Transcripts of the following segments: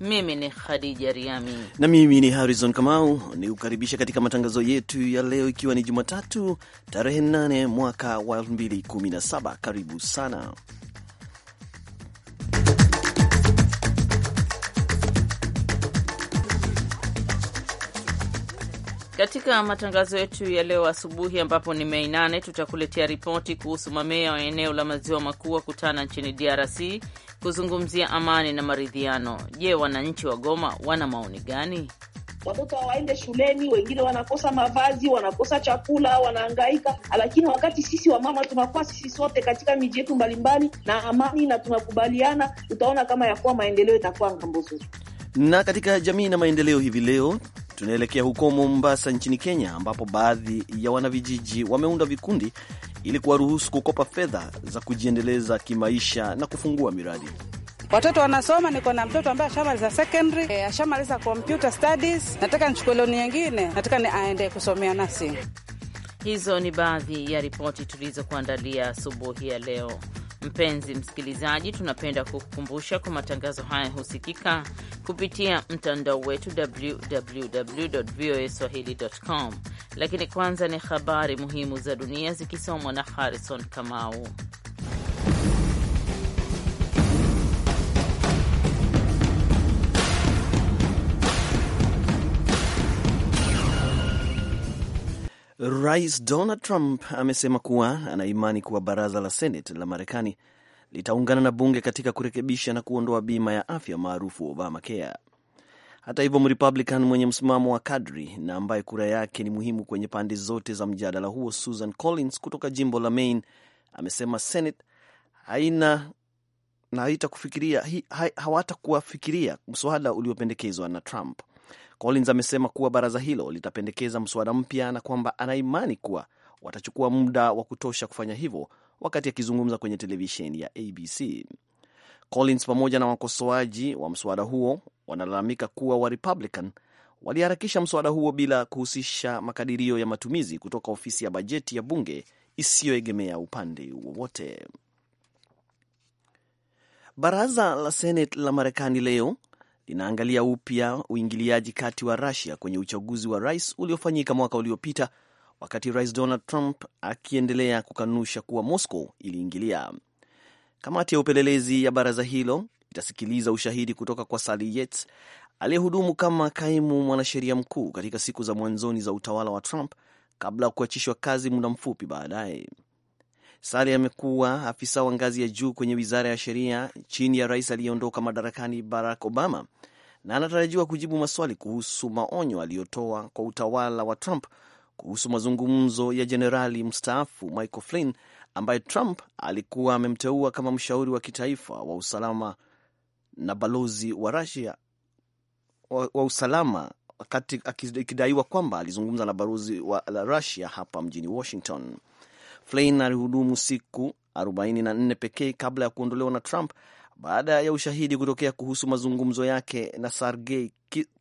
mimi ni Khadija Riami na mimi ni Harrison Kamau, ni kukaribisha katika matangazo yetu ya leo, ikiwa ni Jumatatu tarehe 8 mwaka wa 2017. Karibu sana Katika matangazo yetu ya leo asubuhi, ambapo ni Mei nane, tutakuletea ripoti kuhusu mamea wa eneo la maziwa makuu wakutana nchini DRC kuzungumzia amani na maridhiano. Je, wananchi wa Goma wana maoni gani? Watoto hawaende shuleni, wengine wanakosa mavazi, wanakosa chakula, wanaangaika. Lakini wakati sisi wamama tunakuwa sisi sote katika miji yetu mbalimbali na amani na tunakubaliana, utaona kama yakuwa maendeleo itakuwa ngambo zuri Na katika jamii na maendeleo hivi leo Tunaelekea huko Mombasa nchini Kenya, ambapo baadhi ya wanavijiji wameunda vikundi ili kuwaruhusu kukopa fedha za kujiendeleza kimaisha na kufungua miradi. Watoto wanasoma. Niko na mtoto ambaye ashamaliza secondary, e, ashamaliza computer studies. Nataka nichukue loni nyingine, nataka ni aende kusomea nasi. Hizo ni baadhi ya ripoti tulizokuandalia asubuhi ya leo. Mpenzi msikilizaji, tunapenda kukukumbusha kwa matangazo haya husikika kupitia mtandao wetu www voa swahili.com, lakini kwanza ni habari muhimu za dunia zikisomwa na Harrison Kamau. Rais Donald Trump amesema kuwa anaimani kuwa baraza la Senate la Marekani litaungana na bunge katika kurekebisha na kuondoa bima ya afya maarufu Obamacare. Hata hivyo, Mrepublican mwenye msimamo wa kadri na ambaye kura yake ni muhimu kwenye pande zote za mjadala huo, Susan Collins kutoka jimbo la Maine amesema Senate haina na haitakufikiria hawatakuwafikiria mswada uliopendekezwa na Trump. Collins amesema kuwa baraza hilo litapendekeza mswada mpya na kwamba anaimani kuwa watachukua muda wa kutosha kufanya hivyo, wakati akizungumza kwenye televisheni ya ABC. Collins pamoja na wakosoaji wa mswada huo wanalalamika kuwa wa Republican waliharakisha mswada huo bila kuhusisha makadirio ya matumizi kutoka ofisi ya bajeti ya bunge isiyoegemea upande wowote. Baraza la Senate la Marekani leo linaangalia upya uingiliaji kati wa Rusia kwenye uchaguzi wa rais uliofanyika mwaka uliopita, wakati Rais Donald Trump akiendelea kukanusha kuwa Moscow iliingilia. Kamati ya upelelezi ya baraza hilo itasikiliza ushahidi kutoka kwa Sali Yates aliyehudumu kama kaimu mwanasheria mkuu katika siku za mwanzoni za utawala wa Trump kabla ya kuachishwa kazi muda mfupi baadaye sali amekuwa afisa wa ngazi ya juu kwenye wizara ya sheria chini ya rais aliyeondoka madarakani Barack Obama, na anatarajiwa kujibu maswali kuhusu maonyo aliyotoa kwa utawala wa Trump kuhusu mazungumzo ya jenerali mstaafu Michael Flynn ambaye Trump alikuwa amemteua kama mshauri wa kitaifa wa usalama na balozi wa Russia wa, wa usalama wakati ikidaiwa kwamba alizungumza na balozi wa la hapa mjini Washington. Flynn alihudumu siku 44 pekee kabla ya kuondolewa na Trump baada ya ushahidi kutokea kuhusu mazungumzo yake na Sergei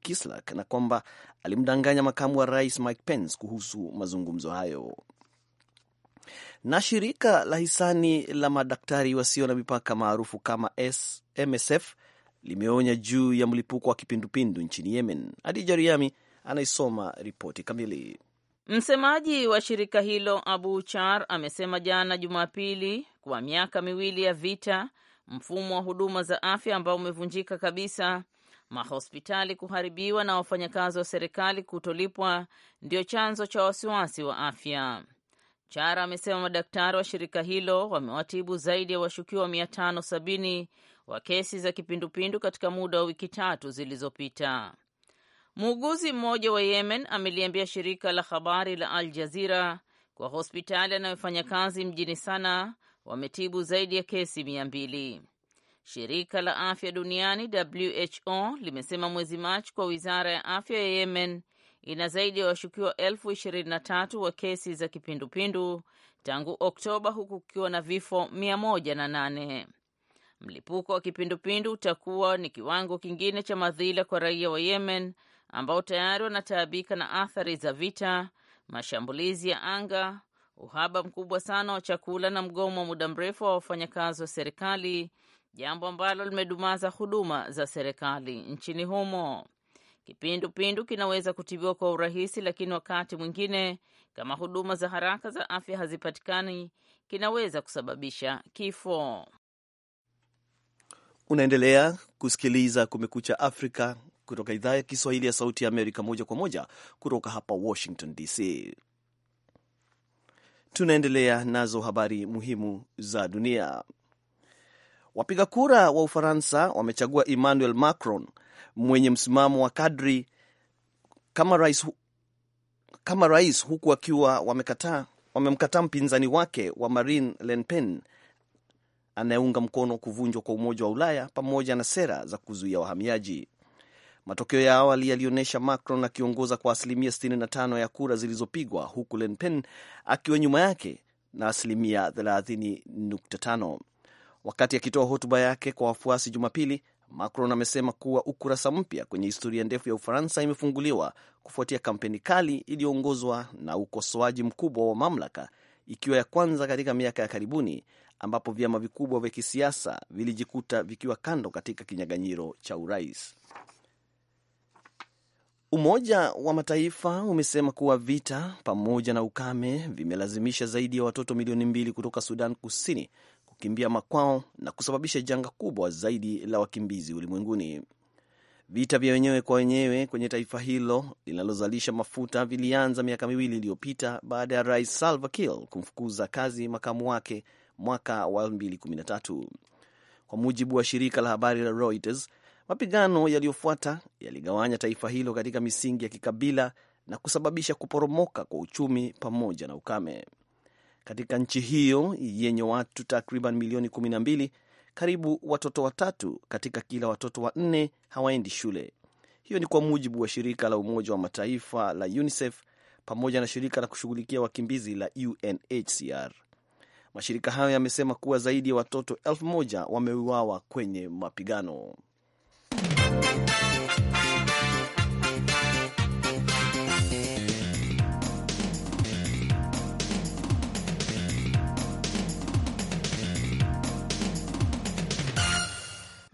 Kislyak na kwamba alimdanganya makamu wa rais Mike Pence kuhusu mazungumzo hayo. Na shirika la hisani la madaktari wasio na mipaka maarufu kama MSF limeonya juu ya mlipuko wa kipindupindu nchini Yemen. Hadija Riami anaisoma ripoti kamili. Msemaji wa shirika hilo Abu Char amesema jana Jumapili kwa miaka miwili ya vita, mfumo wa huduma za afya ambao umevunjika kabisa, mahospitali kuharibiwa na wafanyakazi wa serikali kutolipwa ndio chanzo cha wasiwasi wa afya. Chara amesema madaktari wa shirika hilo wamewatibu zaidi ya washukiwa 570 wa kesi za kipindupindu katika muda wa wiki tatu zilizopita. Muuguzi mmoja wa Yemen ameliambia shirika la habari la Al Jazira kwa hospitali anayofanya kazi mjini Sana wametibu zaidi ya kesi mia mbili. Shirika la afya duniani WHO limesema mwezi Machi kwa wizara ya afya ya Yemen ina zaidi ya wa washukiwa elfu ishirini na tatu wa kesi za kipindupindu tangu Oktoba, huku kukiwa na vifo mia moja na nane. Mlipuko wa kipindupindu utakuwa ni kiwango kingine cha madhila kwa raia wa Yemen ambao tayari wanataabika na athari za vita, mashambulizi ya anga, uhaba mkubwa sana wa chakula na mgomo wa muda mrefu wa wafanyakazi wa serikali, jambo ambalo limedumaza huduma za serikali nchini humo. Kipindupindu kinaweza kutibiwa kwa urahisi, lakini wakati mwingine, kama huduma za haraka za afya hazipatikani, kinaweza kusababisha kifo. Unaendelea kusikiliza Kumekucha Afrika kutoka idhaa ya Kiswahili ya Sauti ya Amerika, moja kwa moja kutoka hapa Washington DC. Tunaendelea nazo habari muhimu za dunia. Wapiga kura wa Ufaransa wamechagua Emmanuel Macron mwenye msimamo wa kadri kama rais, kama rais huku akiwa wamekataa wamemkataa mpinzani wake wa Marine Le Pen anayeunga mkono kuvunjwa kwa Umoja wa Ulaya pamoja na sera za kuzuia wahamiaji. Matokeo ya awali yalionyesha Macron akiongoza kwa asilimia 65 ya kura zilizopigwa huku Le Pen akiwa nyuma yake na asilimia 30.5. Wakati akitoa ya hotuba yake kwa wafuasi Jumapili, Macron amesema kuwa ukurasa mpya kwenye historia ndefu ya Ufaransa imefunguliwa kufuatia kampeni kali iliyoongozwa na ukosoaji mkubwa wa mamlaka, ikiwa ya kwanza katika miaka ya karibuni ambapo vyama vikubwa vya kisiasa vilijikuta vikiwa kando katika kinyaganyiro cha urais. Umoja wa Mataifa umesema kuwa vita pamoja na ukame vimelazimisha zaidi ya watoto milioni mbili kutoka Sudan Kusini kukimbia makwao na kusababisha janga kubwa zaidi la wakimbizi ulimwenguni. Vita vya wenyewe kwa wenyewe kwenye taifa hilo linalozalisha mafuta vilianza miaka miwili iliyopita baada ya Rais Salva Kiir kumfukuza kazi makamu wake mwaka wa 2013 kwa mujibu wa shirika la habari la Reuters. Mapigano yaliyofuata yaligawanya taifa hilo katika misingi ya kikabila na kusababisha kuporomoka kwa uchumi pamoja na ukame. Katika nchi hiyo yenye watu takriban milioni 12, karibu watoto watatu katika kila watoto wanne hawaendi shule. Hiyo ni kwa mujibu wa shirika la Umoja wa Mataifa la UNICEF pamoja na shirika la kushughulikia wakimbizi la UNHCR. Mashirika hayo yamesema kuwa zaidi ya watoto elfu moja wameuawa kwenye mapigano.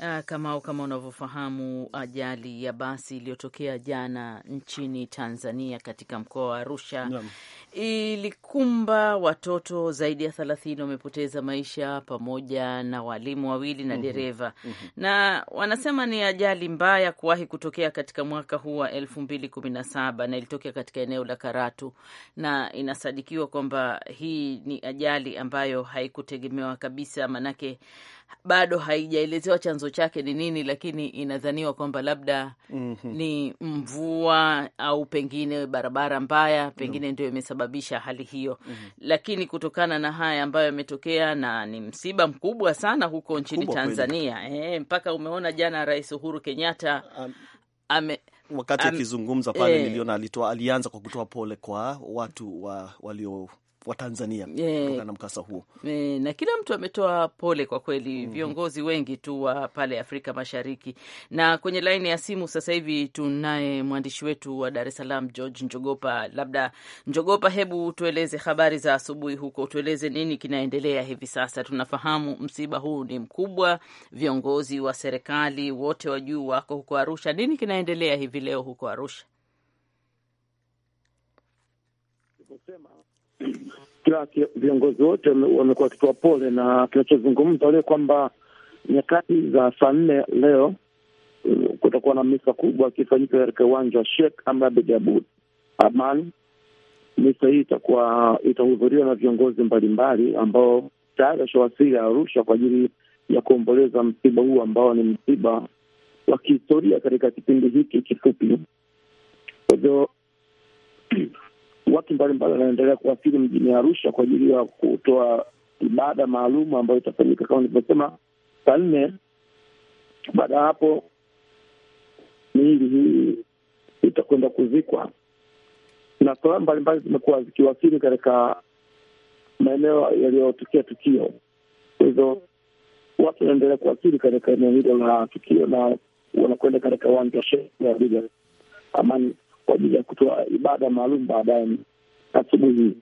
Ah, Kamau, kama unavyofahamu, ajali ya basi iliyotokea jana nchini Tanzania katika mkoa wa Arusha yeah. ilikumba watoto zaidi ya thelathini wamepoteza maisha pamoja na walimu wawili na mm -hmm. dereva mm -hmm. na wanasema ni ajali mbaya kuwahi kutokea katika mwaka huu wa elfu mbili kumi na saba na ilitokea katika eneo la Karatu na inasadikiwa kwamba hii ni ajali ambayo haikutegemewa kabisa, manake bado haijaelezewa chanzo chanzo chake ni nini, lakini inadhaniwa kwamba labda mm -hmm. ni mvua au pengine barabara mbaya, pengine mm -hmm. ndio imesababisha hali hiyo mm -hmm. lakini kutokana na haya ambayo yametokea, na ni msiba mkubwa sana huko nchini Kubwa Tanzania e, mpaka umeona jana Rais Uhuru Kenyatta um, ame wakati akizungumza pale niliona eh. e, alitoa alianza kwa kutoa pole kwa watu wa, walio wa Tanzania eh. kutokana na mkasa huo. E, na kila mtu ametoa pole kwa kweli, mm -hmm. viongozi wengi tu wa pale Afrika Mashariki. Na kwenye laini ya simu sasa hivi tunaye mwandishi wetu wa Dar es Salaam George Njogopa. Labda Njogopa, hebu tueleze habari za asubuhi huko, tueleze nini kinaendelea hivi sasa. Tunafahamu msiba huu ni mkubwa, viongozi wa serikali wote wa juu wako huko Arusha. Nini kinaendelea hivi leo huko Arusha? kila viongozi wote wamekuwa wakitoa pole, na kinachozungumza leo kwamba nyakati za saa nne leo uh, kutakuwa na misa kubwa akifanyika katika uwanja wa Sheikh Amri Abeid Abud Misa hii itakuwa itahudhuriwa na viongozi mbalimbali ambao tayari washawasili ya Arusha kwa ajili ya kuomboleza msiba huu ambao ni msiba wa kihistoria katika kipindi hiki kifupi. Kwa hivyo watu mbalimbali wanaendelea kuwasili mjini Arusha kwa ajili ya kutoa ibada maalum ambayo itafanyika kama nilivyosema saa nne. Baada ya hapo miili hii itakwenda kuzikwa, na salamu mbalimbali zimekuwa zikiwasili katika maeneo yaliyotokea tukio. Kwa hivyo watu wanaendelea kuwasili katika eneo hilo la tukio na wanakwenda katika uwanja wa shehe wa Amani kwa ajili ya kutoa ibada maalum baadaye asubuhi.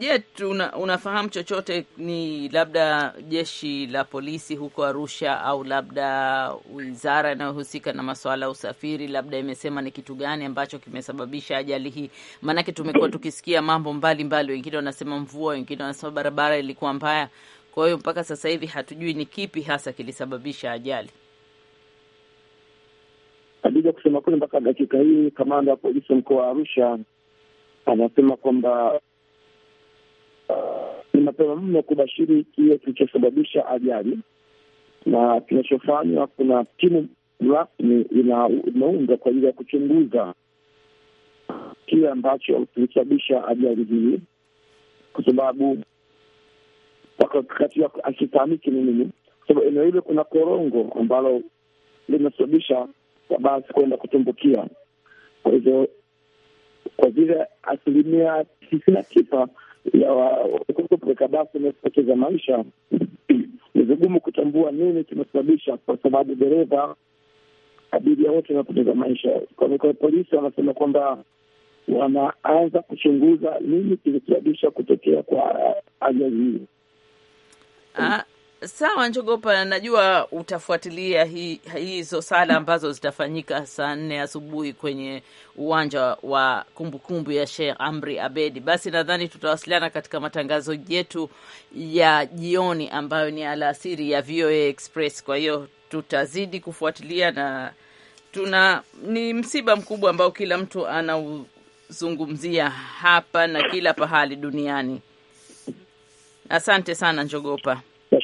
Je, una, unafahamu chochote ni labda jeshi la polisi huko Arusha au labda wizara inayohusika na masuala ya usafiri labda imesema ni kitu gani ambacho kimesababisha ajali hii? Maanake tumekuwa tukisikia mambo mbalimbali, wengine wanasema mvua, wengine wanasema barabara ilikuwa mbaya. Kwa hiyo mpaka sasa hivi hatujui ni kipi hasa kilisababisha ajali kweli, mpaka dakika hii kamanda wa polisi mkoa wa Arusha anasema kwamba uh, ni mapema mno kubashiri kile kilichosababisha ajali, na kinachofanywa kuna timu rasmi imeundwa kwa ajili ya kuchunguza kile ambacho kilisababisha ajali hii, kwa sababu wakati akifahamiki ni nini, kwa sababu eneo hilo kuna korongo ambalo limesababisha ya basi kwenda kutumbukia. Kwa hivyo kwa vile asilimia tisini na tisa ya kuweka basi imepoteza maisha, ni vigumu kutambua nini kimesababisha, kwa sababu dereva, abiria wote wamepoteza maisha. Kwa hivyo polisi wanasema kwamba wanaanza kuchunguza nini kilisababisha kutokea kwa ajali hii. Ah, Sawa Njogopa, najua utafuatilia hizo hi sala ambazo zitafanyika saa nne asubuhi kwenye uwanja wa kumbukumbu kumbu ya Sheikh Amri Abedi. Basi nadhani tutawasiliana katika matangazo yetu ya jioni ambayo ni alasiri ya VOA Express. Kwa hiyo tutazidi kufuatilia na tuna ni msiba mkubwa ambao kila mtu anauzungumzia hapa na kila pahali duniani. Asante sana Njogopa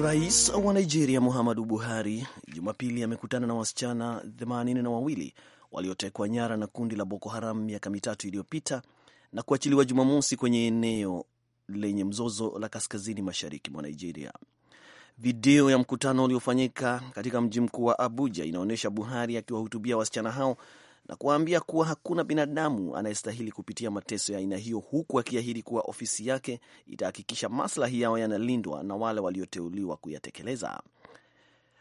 Rais wa Nigeria Muhammadu Buhari Jumapili amekutana na wasichana themanini na wawili waliotekwa nyara na kundi la Boko Haram miaka mitatu iliyopita na kuachiliwa Jumamosi kwenye eneo lenye mzozo la kaskazini mashariki mwa Nigeria. Video ya mkutano uliofanyika katika mji mkuu wa Abuja inaonyesha Buhari akiwahutubia wasichana hao na kuwaambia kuwa hakuna binadamu anayestahili kupitia mateso ya aina hiyo, huku akiahidi kuwa ofisi yake itahakikisha maslahi yao yanalindwa na wale walioteuliwa kuyatekeleza.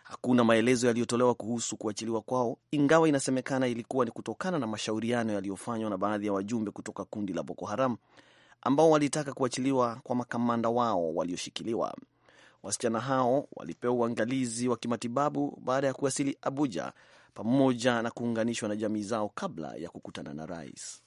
Hakuna maelezo yaliyotolewa kuhusu kuachiliwa kwao, ingawa inasemekana ilikuwa ni kutokana na mashauriano yaliyofanywa na baadhi ya wajumbe kutoka kundi la Boko Haram ambao walitaka kuachiliwa kwa makamanda wao walioshikiliwa. Wasichana hao walipewa uangalizi wa kimatibabu baada ya kuwasili Abuja pamoja na kuunganishwa na jamii zao kabla ya kukutana na rais.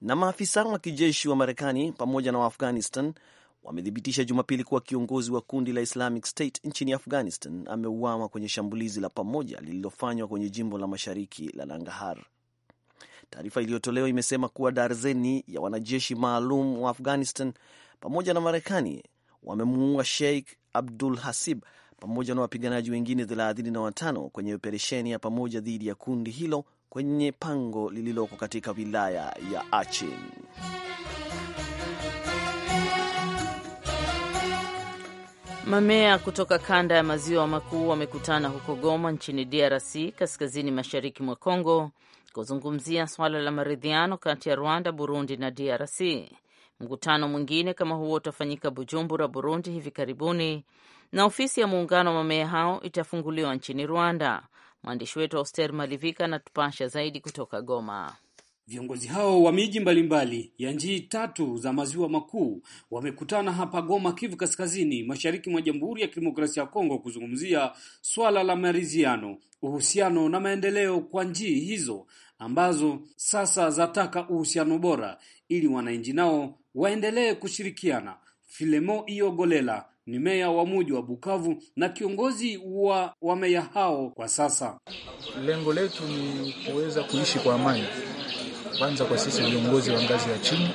Na maafisa wa kijeshi wa Marekani pamoja na Waafghanistan wamethibitisha Jumapili kuwa kiongozi wa kundi la Islamic State nchini Afghanistan ameuawa kwenye shambulizi la pamoja lililofanywa kwenye jimbo la mashariki la nangahar Taarifa iliyotolewa imesema kuwa darzeni ya wanajeshi maalum wa Afghanistan pamoja na Marekani wamemuua Sheikh Abdul Hasib pamoja na wapiganaji wengine 35 kwenye operesheni ya pamoja dhidi ya kundi hilo kwenye pango lililoko katika wilaya ya Achin. Mamea kutoka kanda ya maziwa makuu wamekutana huko Goma nchini DRC, kaskazini mashariki mwa congo kuzungumzia swala la maridhiano kati ya Rwanda, Burundi na DRC. Mkutano mwingine kama huo utafanyika Bujumbura, Burundi, hivi karibuni, na ofisi ya muungano wa mamea hao itafunguliwa nchini Rwanda. Mwandishi wetu Auster Malivika anatupasha zaidi kutoka Goma. Viongozi hao wa miji mbalimbali ya njii tatu za maziwa makuu wamekutana hapa Goma, Kivu Kaskazini, mashariki mwa Jamhuri ya Kidemokrasia ya Kongo, kuzungumzia swala la maridhiano, uhusiano na maendeleo kwa njii hizo ambazo sasa zataka uhusiano bora ili wananchi nao waendelee kushirikiana. Filemo Iyogolela ni meya wa muji wa Bukavu na kiongozi wa wameya hao kwa sasa. Lengo letu ni kuweza kuishi kwa amani, kwanza kwa sisi viongozi wa ngazi ya chini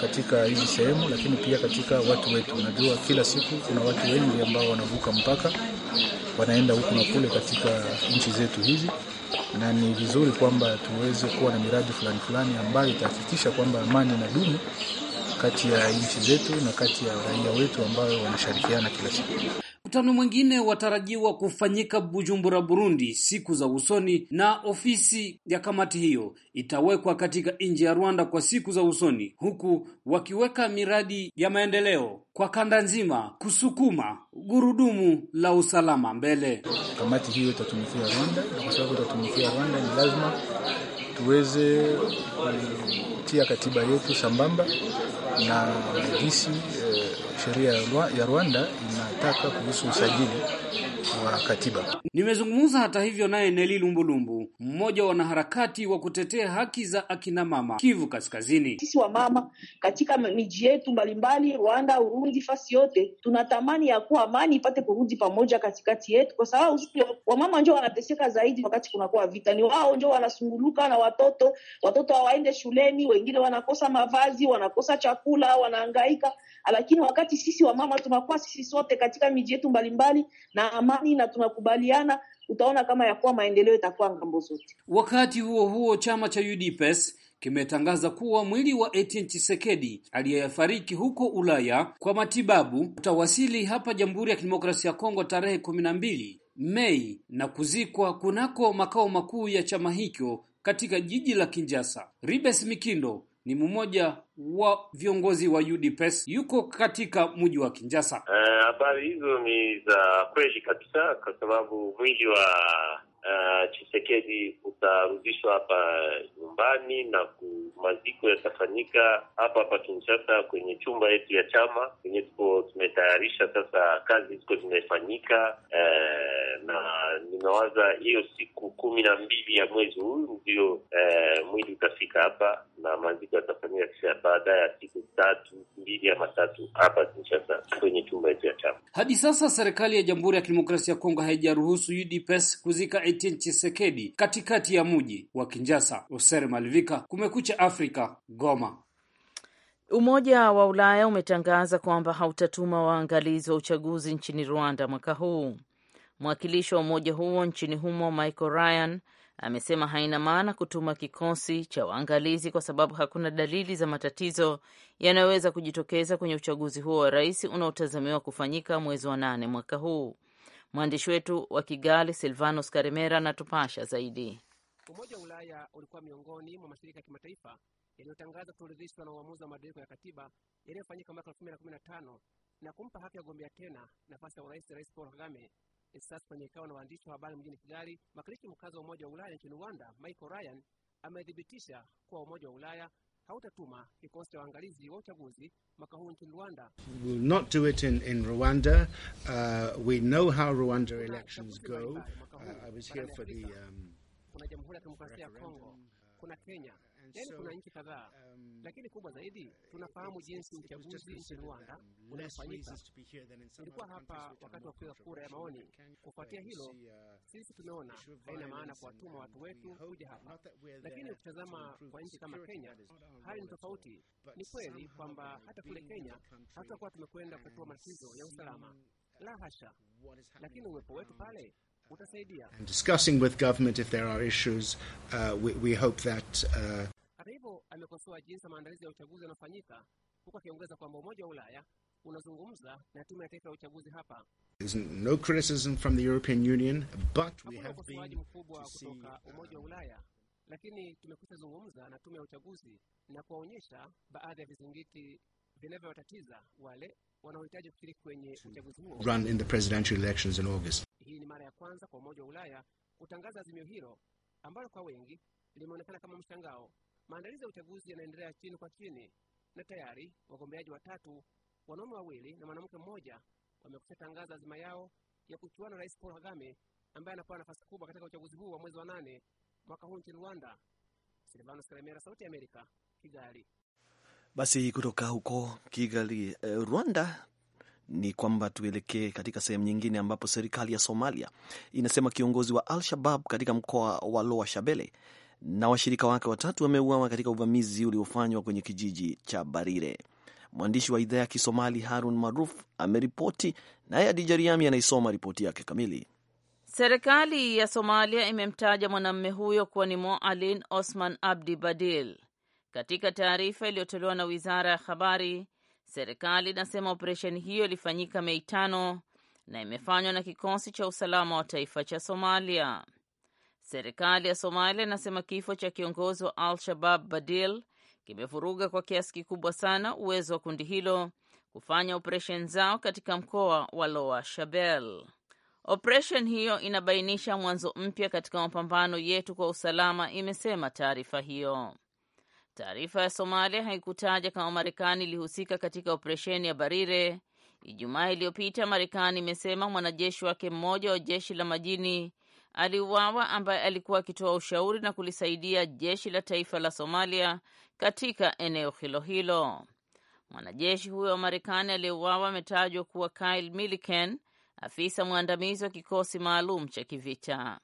katika hizi sehemu, lakini pia katika watu wetu. Unajua, kila siku kuna watu wengi ambao wanavuka mpaka wanaenda huku na kule katika nchi zetu hizi, na ni vizuri kwamba tuweze kuwa na miradi fulani fulani ambayo itahakikisha kwamba amani na dumu kati ya nchi zetu na kati ya raia wetu ambayo wanashirikiana kila siku. Mkutano mwingine watarajiwa kufanyika Bujumbura, Burundi siku za usoni na ofisi ya kamati hiyo itawekwa katika nchi ya Rwanda kwa siku za usoni, huku wakiweka miradi ya maendeleo kwa kanda nzima kusukuma gurudumu la usalama mbele. Kamati hiyo itatumikia Rwanda, na kwa sababu itatumikia Rwanda ni lazima tuweze kutia katiba yetu sambamba na jinsi eh, sheria ya Rwanda inataka kuhusu usajili wa katiba. Nimezungumza hata hivyo naye Neli Lumbulumbu, mmoja wa wanaharakati wa kutetea haki za akina mama Kivu Kaskazini. Sisi mama katika miji yetu mbalimbali, Rwanda, Urundi, fasi yote tunatamani ya kuwa amani ipate kurudi pamoja katikati yetu, kwa sababu wamama ndio wanateseka zaidi wakati kunakuwa vita. Ni wao ndio wanasunguluka na watoto, watoto hawaende shuleni, wengine wanakosa mavazi, wanakosa chakula, wanaangaika. Lakini wakati sisi wamama tunakuwa sisi sote katika miji yetu mbalimbali na ama, amani na tunakubaliana, utaona kama ya kuwa maendeleo itakuwa ngambo zote. Wakati huo huo, chama cha UDPS kimetangaza kuwa mwili wa Etienne Tshisekedi aliyefariki huko Ulaya kwa matibabu utawasili hapa Jamhuri ya Kidemokrasia ya Kongo tarehe kumi na mbili Mei na kuzikwa kunako makao makuu ya chama hicho katika jiji la Kinshasa. Ribes Mikindo, ni mmoja wa viongozi wa UDPS yuko katika mji wa Kinjasa. Eh, habari uh, hizo ni za kweli kabisa, kwa sababu mwili wa uh, eh, Chisekedi utarudishwa hapa nyumbani na maziko yatafanyika hapa hapa Kinshasa kwenye chumba yetu ya chama kwenye tuko tumetayarisha. Sasa kazi ziko zimefanyika uh, na ninawaza hiyo siku kumi na mbili ya mwezi huu ndio uh, mwili utafika hapa na maziko yatafanyika kisha baada ya siku tatu mbili ama tatu hapa Kinshasa kwenye chumba cha chama. Hadi sasa serikali ya Jamhuri ya Kidemokrasia ya Kongo haijaruhusu UDPS kuzika Etienne Tshisekedi katikati ya mji wa Kinshasa. Osere Malivika, Kumekucha Afrika, Goma. Umoja wa Ulaya umetangaza kwamba hautatuma waangalizi wa uchaguzi nchini Rwanda mwaka huu. Mwakilishi wa umoja huo nchini humo Michael Ryan amesema haina maana kutuma kikosi cha waangalizi kwa sababu hakuna dalili za matatizo yanayoweza kujitokeza kwenye uchaguzi huo wa rais unaotazamiwa kufanyika mwezi wa nane mwaka huu. Mwandishi wetu wa Kigali, Silvanos Karemera, anatupasha zaidi. Umoja wa Ulaya ulikuwa miongoni mwa mashirika ya kimataifa yaliyotangaza kutoridhishwa na uamuzi wa mabadiliko ya katiba yaliyofanyika mwaka elfu 2015 na kumpa haki ya kugombea tena nafasi ya urais Rais Paul Kagame na waandishi wa habari mjini Kigali, mkazi wa Umoja wa Ulaya nchini Rwanda, Michael Ryan amethibitisha kuwa Umoja wa Ulaya hautatuma kikosi cha waangalizi wa uchaguzi mwaka huu nchini Rwanda. We will not do it in, in Rwanda. Uh, we know how Rwanda elections go. Uh, I was here for the um, kuna Jamhuri ya Kidemokrasia ya Kongo, uh, kuna Kenya yani so, kuna nchi kadhaa um, lakini kubwa zaidi uh, tunafahamu jinsi uchaguzi nchini Rwanda unaofanyika. Ilikuwa hapa wakati wa kupiga kura ya maoni. Kufuatia hilo, uh, sisi tumeona haina maana kuwatuma watu wetu kuja hapa, lakini ukitazama kwa nchi kama Kenya hali ni tofauti. Ni kweli kwamba hata kule Kenya hatutakuwa tumekwenda kutoa matatizo ya usalama, uh, la hasha, lakini uwepo wetu pale utasaidia. And discussing with government if there are issues uh, we, we hope that uh, hata hivyo, amekosoa jinsi maandalizi ya uchaguzi yanafanyika, huku akiongeza kwamba Umoja wa Ulaya unazungumza na Tume ya Taifa ya Uchaguzi hapa. No criticism from the European Union but we have been mkubwa kutoka uh, Umoja wa Ulaya, lakini tumekwisha zungumza na Tume ya Uchaguzi na kuwaonyesha baadhi ya vizingiti vinavyowatatiza wale wanaohitaji kushiriki kwenye uchaguzi huo run in the presidential elections in August. Hii ni mara ya kwanza kwa Umoja wa Ulaya kutangaza azimio hilo ambalo kwa wengi limeonekana kama mshangao. Maandalizi ya uchaguzi yanaendelea chini kwa chini, na tayari wagombeaji watatu, wanaume wawili na mwanamke mmoja, wamekwisha tangaza azima yao ya kuchuana na Rais Paul Kagame ambaye anapewa nafasi kubwa katika uchaguzi huu wa mwezi wa nane mwaka huu nchini Rwanda. Silvano Karemera, Sauti ya Amerika, Kigali. Basi kutoka huko Kigali, eh, Rwanda ni kwamba tuelekee katika sehemu nyingine ambapo serikali ya Somalia inasema kiongozi wa Al-Shabab katika mkoa wa Loa Shabele na washirika wake watatu wameuawa katika uvamizi uliofanywa kwenye kijiji cha Barire. Mwandishi wa idhaa ya Kisomali Harun Maruf ameripoti, naye Adija Riami anaisoma ripoti yake kamili. Serikali ya Somalia imemtaja mwanamume huyo kuwa ni Moalin Osman Abdi Badil. Katika taarifa iliyotolewa na wizara ya habari, serikali inasema operesheni hiyo ilifanyika Mei tano na imefanywa na kikosi cha usalama wa taifa cha Somalia. Serikali ya Somalia inasema kifo cha kiongozi wa Al-Shabab Badil kimevuruga kwa kiasi kikubwa sana uwezo wa kundi hilo kufanya operesheni zao katika mkoa wa loa Shabelle. Operesheni hiyo inabainisha mwanzo mpya katika mapambano yetu kwa usalama, imesema taarifa hiyo. Taarifa ya Somalia haikutaja kama Marekani ilihusika katika operesheni ya Barire. Ijumaa iliyopita, Marekani imesema mwanajeshi wake mmoja wa jeshi la majini aliuawa ambaye alikuwa akitoa ushauri na kulisaidia jeshi la taifa la Somalia katika eneo hilo hilo. Mwanajeshi huyo wa Marekani aliyeuawa ametajwa kuwa Kyle Milliken, afisa mwandamizi wa kikosi maalum cha kivita.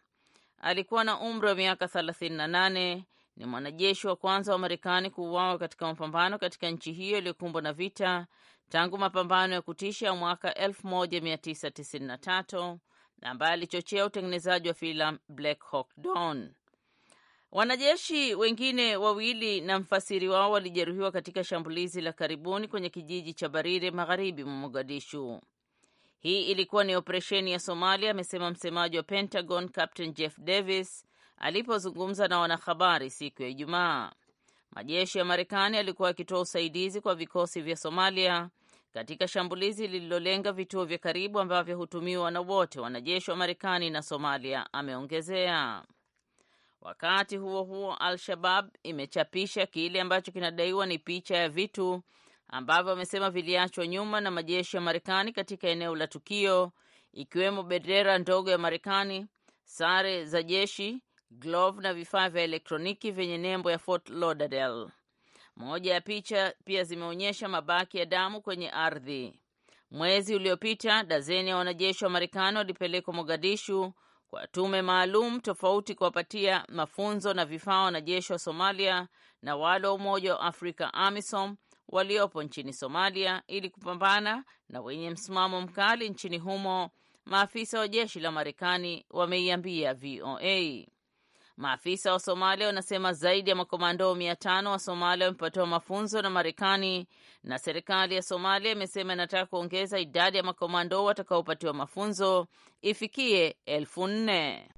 Alikuwa na umri wa miaka 38. Ni mwanajeshi wa kwanza wa Marekani kuuawa katika mapambano katika nchi hiyo iliyokumbwa na vita tangu mapambano ya kutisha ya mwaka 1993 ambaye alichochea utengenezaji wa filamu Black Hawk Down. Wanajeshi wengine wawili na mfasiri wao walijeruhiwa katika shambulizi la karibuni kwenye kijiji cha Barire magharibi mwa Mogadishu. Hii ilikuwa ni operesheni ya Somalia, amesema msemaji wa Pentagon Captain Jeff Davis alipozungumza na wanahabari siku ya Ijumaa. Majeshi ya Marekani yalikuwa yakitoa usaidizi kwa vikosi vya Somalia katika shambulizi lililolenga vituo vya karibu ambavyo hutumiwa na wote wanajeshi wa Marekani na Somalia, ameongezea. Wakati huo huo, Al-Shabab imechapisha kile ambacho kinadaiwa ni picha ya vitu ambavyo wamesema viliachwa nyuma na majeshi ya Marekani katika eneo la tukio, ikiwemo bendera ndogo ya Marekani, sare za jeshi, glove na vifaa vya elektroniki vyenye nembo ya Fort Lauderdale. Moja ya picha pia zimeonyesha mabaki ya damu kwenye ardhi. Mwezi uliopita dazeni ya wanajeshi wa Marekani walipelekwa Mogadishu kwa tume maalum tofauti kuwapatia mafunzo na vifaa wanajeshi wa Somalia na wale wa Umoja wa Afrika AMISOM waliopo nchini Somalia ili kupambana na wenye msimamo mkali nchini humo, maafisa wa jeshi la Marekani wameiambia VOA. Maafisa wa Somalia wanasema zaidi ya makomando mia tano wa Somalia wamepatiwa mafunzo na Marekani, na serikali ya Somalia imesema inataka kuongeza idadi ya makomando watakaopatiwa mafunzo ifikie elfu nne.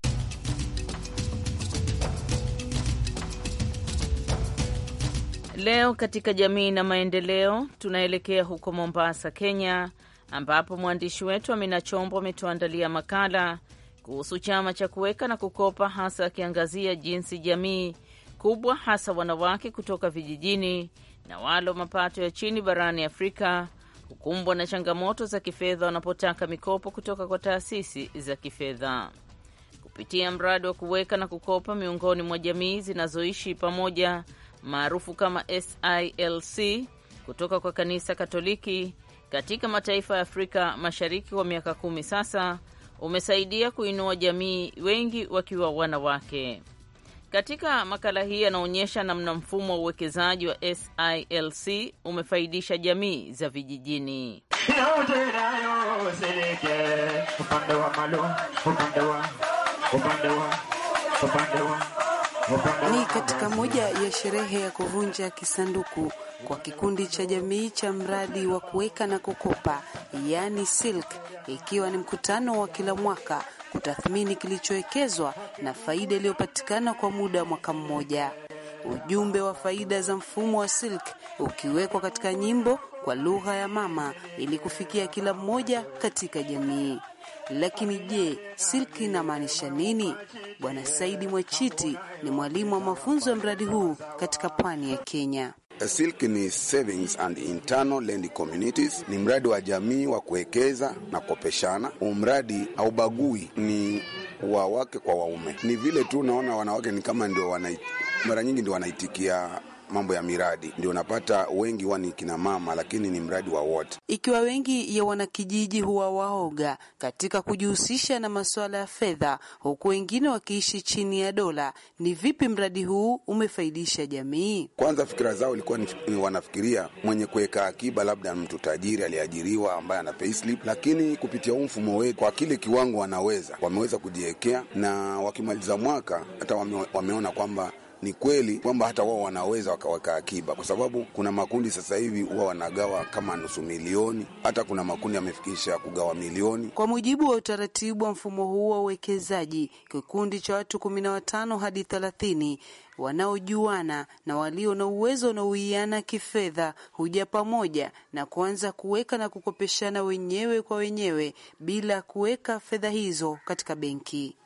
Leo katika jamii na maendeleo tunaelekea huko Mombasa, Kenya, ambapo mwandishi wetu Amina Chombo ametuandalia makala kuhusu chama cha kuweka na kukopa, hasa akiangazia jinsi jamii kubwa hasa wanawake kutoka vijijini na wale wa mapato ya chini barani Afrika hukumbwa na changamoto za kifedha wanapotaka mikopo kutoka kwa taasisi za kifedha. Kupitia mradi wa kuweka na kukopa miongoni mwa jamii zinazoishi pamoja maarufu kama SILC kutoka kwa kanisa Katoliki katika mataifa ya Afrika Mashariki kwa miaka kumi sasa, umesaidia kuinua jamii, wengi wakiwa wanawake. Katika makala hii yanaonyesha namna mfumo wa uwekezaji wa SILC umefaidisha jamii za vijijini ni katika moja ya sherehe ya kuvunja kisanduku kwa kikundi cha jamii cha mradi wa kuweka na kukopa, yaani silk, ikiwa ni mkutano wa kila mwaka kutathmini kilichowekezwa na faida iliyopatikana kwa muda wa mwaka mmoja. Ujumbe wa faida za mfumo wa silk ukiwekwa katika nyimbo kwa lugha ya mama ili kufikia kila mmoja katika jamii. Lakini je, silki inamaanisha nini? Bwana Saidi Mwachiti ni mwalimu wa mafunzo ya mradi huu katika pwani ya Kenya. Eh, Silk ni Savings and Internal land Communities, ni mradi wa jamii wa kuwekeza na kopeshana Umradi haubagui ni wawake kwa waume, ni vile tu naona wanawake ni kama ndio wana, mara nyingi ndio wanaitikia mambo ya miradi, ndio unapata wengi huwa ni kina mama, lakini ni mradi wa wote. Ikiwa wengi ya wanakijiji huwa waoga katika kujihusisha na masuala ya fedha, huku wengine wakiishi chini ya dola, ni vipi mradi huu umefaidisha jamii? Kwanza fikira zao ilikuwa ni wanafikiria mwenye kuweka akiba labda mtu tajiri aliyeajiriwa ambaye ana payslip, lakini kupitia huu mfumo wetu kwa kile kiwango wanaweza wameweza kujiwekea, na wakimaliza mwaka hata wame, wameona kwamba ni kweli kwamba hata wao wanaweza wakaweka akiba, kwa sababu kuna makundi sasa hivi huwa wanagawa kama nusu milioni, hata kuna makundi yamefikisha kugawa milioni. Kwa mujibu wa utaratibu wa mfumo huu wa uwekezaji, kikundi cha watu kumi na watano hadi thelathini wanaojuana na walio na uwezo unaoiana kifedha huja pamoja na kuanza kuweka na kukopeshana wenyewe kwa wenyewe bila kuweka fedha hizo katika benki.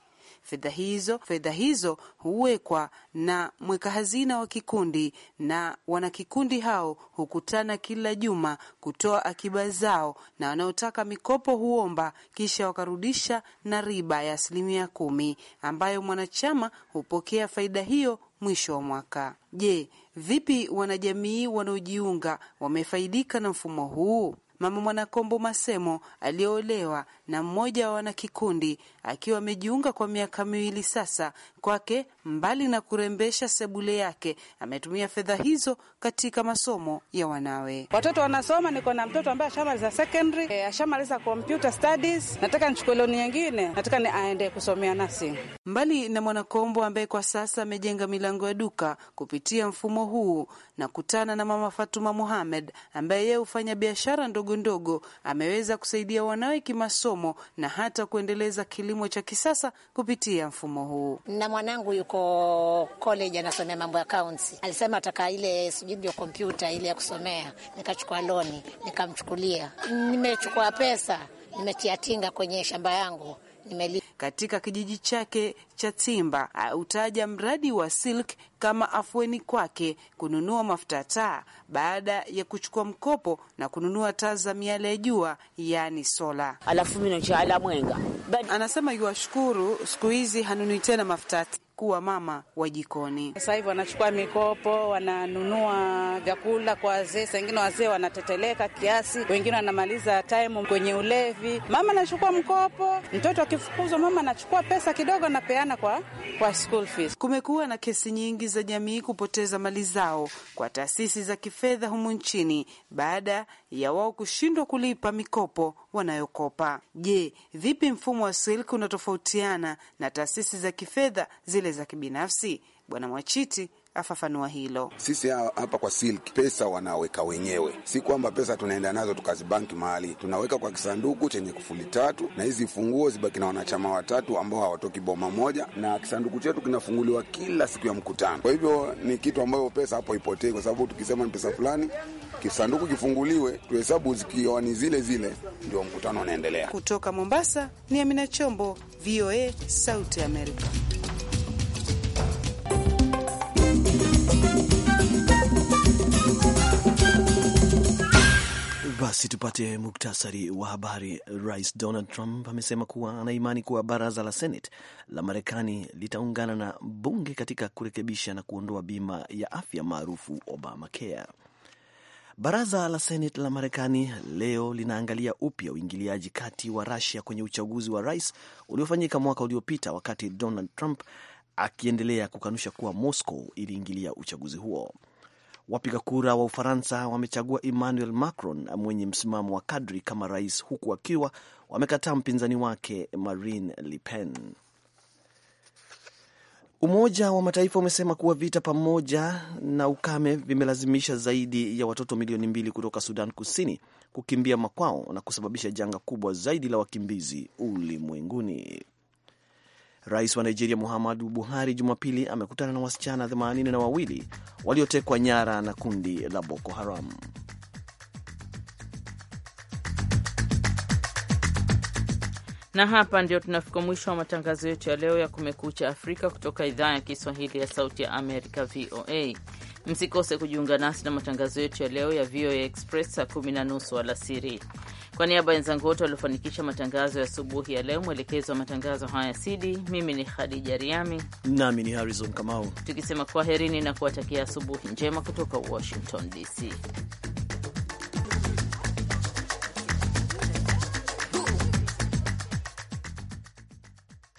Fedha hizo fedha hizo huwekwa na mweka hazina wa kikundi, na wanakikundi hao hukutana kila juma kutoa akiba zao, na wanaotaka mikopo huomba, kisha wakarudisha na riba ya asilimia kumi ambayo mwanachama hupokea faida hiyo mwisho wa mwaka. Je, vipi wanajamii wanaojiunga wamefaidika na mfumo huu? Mama Mwanakombo Masemo aliyoolewa na mmoja wa wanakikundi akiwa amejiunga kwa miaka miwili sasa. Kwake, mbali na kurembesha sebule yake, ametumia fedha hizo katika masomo ya wanawe. Watoto wanasoma, niko na mtoto ambaye ashamaliza secondary, e, ashamaliza computer studies. Nataka nichukue loni nyingine, nataka ni aende kusomea nasi. Mbali na Mwanakombo ambaye kwa sasa amejenga milango ya duka kupitia mfumo huu, na kutana na mama Fatuma muhamed ambaye yeye hufanya biashara ndogo ndogo, ameweza kusaidia wanawe kimasomo masomo na hata kuendeleza kilimo cha kisasa kupitia mfumo huu. Na mwanangu yuko college anasomea mambo ya kaunti, alisema ataka ile sijui ndio kompyuta ile ya kusomea, nikachukua loni nikamchukulia, nimechukua pesa nimetia tinga kwenye shamba yangu Nimeli. Katika kijiji chake cha Timba autaja mradi wa Silk kama afueni kwake kununua mafuta taa baada ya kuchukua mkopo na kununua taa za miale ya jua, yaani sola. Alafu mimi ala mwenga. Anasema yuwashukuru siku hizi hanunui tena mafuta kuwa mama wa jikoni. Sasa hivi wanachukua mikopo, wananunua vyakula kwa wazee, wengine wazee wanateteleka kiasi, wengine wanamaliza taimu kwenye ulevi. Mama anachukua mkopo, mtoto akifukuzwa, mama anachukua pesa kidogo, anapeana kwa, kwa school fees. Kumekuwa na kesi nyingi za jamii kupoteza mali zao kwa taasisi za kifedha humu nchini baada ya wao kushindwa kulipa mikopo wanayokopa. Je, vipi mfumo wa silk unatofautiana na taasisi za kifedha zile zile za kibinafsi. Bwana Mwachiti afafanua hilo. Sisi hapa kwa Silk pesa wanaweka wenyewe, si kwamba pesa tunaenda nazo tukazibanki mahali. Tunaweka kwa kisanduku chenye kufuli tatu, na hizi funguo zibaki na wanachama watatu ambao hawatoki boma moja, na kisanduku chetu kinafunguliwa kila siku ya mkutano. Kwa hivyo ni kitu ambayo pesa hapo ipotei, kwa sababu tukisema ni pesa fulani, kisanduku kifunguliwe, tuhesabu zikiwa ni zile zile, ndio mkutano unaendelea. Kutoka Mombasa ni Amina Chombo, VOA, Sauti Amerika. Basi tupate muktasari wa habari. Rais Donald Trump amesema kuwa ana imani kuwa baraza la Senate la Marekani litaungana na bunge katika kurekebisha na kuondoa bima ya afya maarufu Obamacare. Baraza la Senate la Marekani leo linaangalia upya uingiliaji kati wa rasia kwenye uchaguzi wa rais uliofanyika mwaka uliopita, wakati Donald Trump akiendelea kukanusha kuwa Moscow iliingilia uchaguzi huo. Wapiga kura wa Ufaransa wamechagua Emmanuel Macron mwenye msimamo wa kadri kama rais, huku akiwa wamekataa mpinzani wake Marine Le Pen. Umoja wa Mataifa umesema kuwa vita pamoja na ukame vimelazimisha zaidi ya watoto milioni mbili kutoka Sudan Kusini kukimbia makwao na kusababisha janga kubwa zaidi la wakimbizi ulimwenguni. Rais wa Nigeria Muhammadu Buhari Jumapili amekutana na wasichana themanini na wawili waliotekwa nyara na kundi la Boko Haram. Na hapa ndio tunafika mwisho wa matangazo yetu ya leo ya Kumekucha Afrika kutoka idhaa ya Kiswahili ya Sauti ya Amerika, VOA. Msikose kujiunga nasi na matangazo yetu ya leo ya VOA Express saa kumi na nusu alasiri. Kwa niaba ya wenzangu wote waliofanikisha matangazo ya asubuhi ya leo, mwelekezo wa matangazo haya Sidi, mimi ni Khadija Riami nami ni Harrison Kamau, tukisema kwaherini na kuwatakia asubuhi njema kutoka Washington DC.